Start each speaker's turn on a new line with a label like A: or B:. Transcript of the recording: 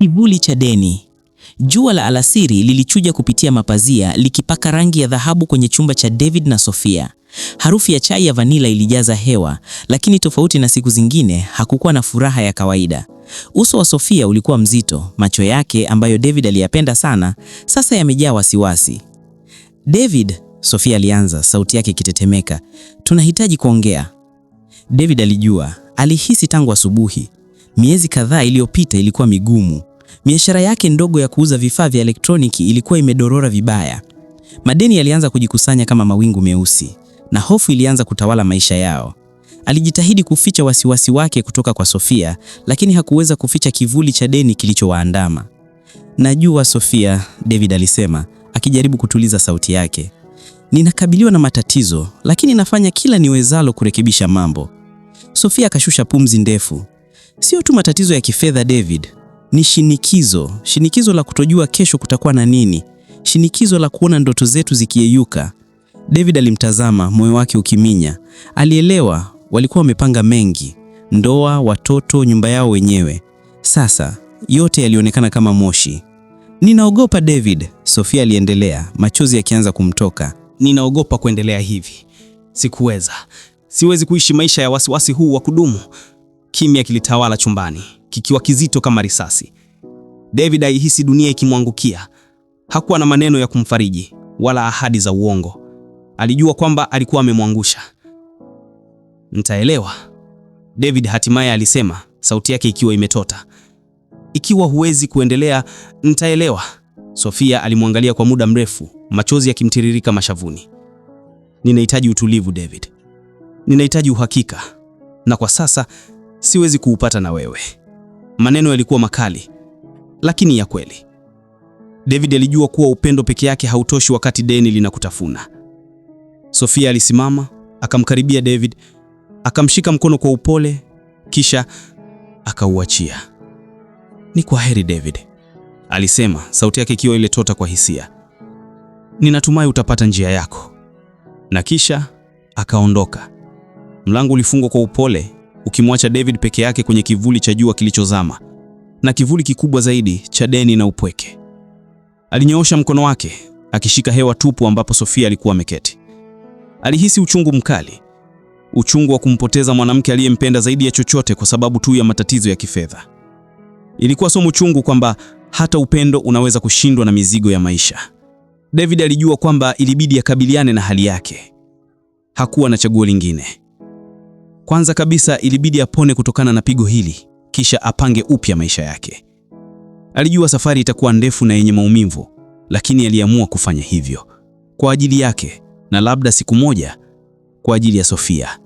A: Kivuli cha deni. Jua la alasiri lilichuja kupitia mapazia likipaka rangi ya dhahabu kwenye chumba cha David na Sofia. Harufu ya chai ya vanila ilijaza hewa, lakini tofauti na siku zingine, hakukuwa na furaha ya kawaida. Uso wa Sofia ulikuwa mzito, macho yake ambayo David aliyapenda sana, sasa yamejaa wasiwasi. David, Sofia alianza, sauti yake ikitetemeka. Tunahitaji kuongea. David alijua, alihisi tangu asubuhi. Miezi kadhaa iliyopita ilikuwa migumu. Biashara yake ndogo ya kuuza vifaa vya elektroniki ilikuwa imedorora vibaya. Madeni yalianza kujikusanya kama mawingu meusi, na hofu ilianza kutawala maisha yao. Alijitahidi kuficha wasiwasi wake kutoka kwa Sofia, lakini hakuweza kuficha kivuli cha deni kilichowaandama. Najua Sofia, David alisema, akijaribu kutuliza sauti yake. Ninakabiliwa na matatizo, lakini nafanya kila niwezalo kurekebisha mambo. Sofia akashusha pumzi ndefu. Sio tu matatizo ya kifedha David, ni shinikizo, shinikizo la kutojua kesho kutakuwa na nini, shinikizo la kuona ndoto zetu zikiyeyuka. David alimtazama, moyo wake ukiminya. Alielewa walikuwa wamepanga mengi: ndoa, watoto, nyumba yao wenyewe. Sasa yote yalionekana kama moshi. Ninaogopa David, Sofia aliendelea, machozi yakianza kumtoka.
B: Ninaogopa kuendelea hivi, sikuweza, siwezi kuishi maisha ya wasiwasi huu wa kudumu. Kimya kilitawala chumbani, kikiwa kizito kama risasi. David alihisi dunia ikimwangukia. Hakuwa na maneno ya kumfariji wala ahadi za uongo. Alijua kwamba alikuwa amemwangusha.
A: Nitaelewa, David hatimaye alisema, sauti yake ikiwa imetota. Ikiwa huwezi kuendelea, nitaelewa. Sofia alimwangalia kwa muda mrefu, machozi yakimtiririka mashavuni. Ninahitaji utulivu, David. Ninahitaji uhakika. Na kwa sasa siwezi kuupata na wewe. Maneno yalikuwa makali lakini ya kweli. David alijua kuwa upendo peke yake hautoshi wakati deni linakutafuna. Sofia alisimama, akamkaribia David, akamshika mkono kwa upole, kisha akauachia. Ni kwa heri David, alisema, sauti yake ikiwa ile tota kwa hisia. Ninatumai utapata njia yako. Na kisha akaondoka. Mlango ulifungwa kwa upole, ukimwacha David peke yake kwenye kivuli cha jua kilichozama na kivuli kikubwa zaidi cha deni na upweke. Alinyoosha mkono wake akishika hewa tupu ambapo Sofia alikuwa ameketi. Alihisi uchungu mkali, uchungu wa kumpoteza mwanamke aliyempenda zaidi ya chochote kwa sababu tu ya matatizo ya kifedha. Ilikuwa somo chungu kwamba hata upendo unaweza kushindwa na mizigo ya maisha. David alijua kwamba ilibidi akabiliane na hali yake. Hakuwa na chaguo lingine. Kwanza kabisa ilibidi apone kutokana na pigo hili, kisha apange upya maisha yake. Alijua safari itakuwa ndefu na yenye maumivu, lakini aliamua kufanya hivyo kwa ajili yake na labda siku moja kwa ajili ya Sofia.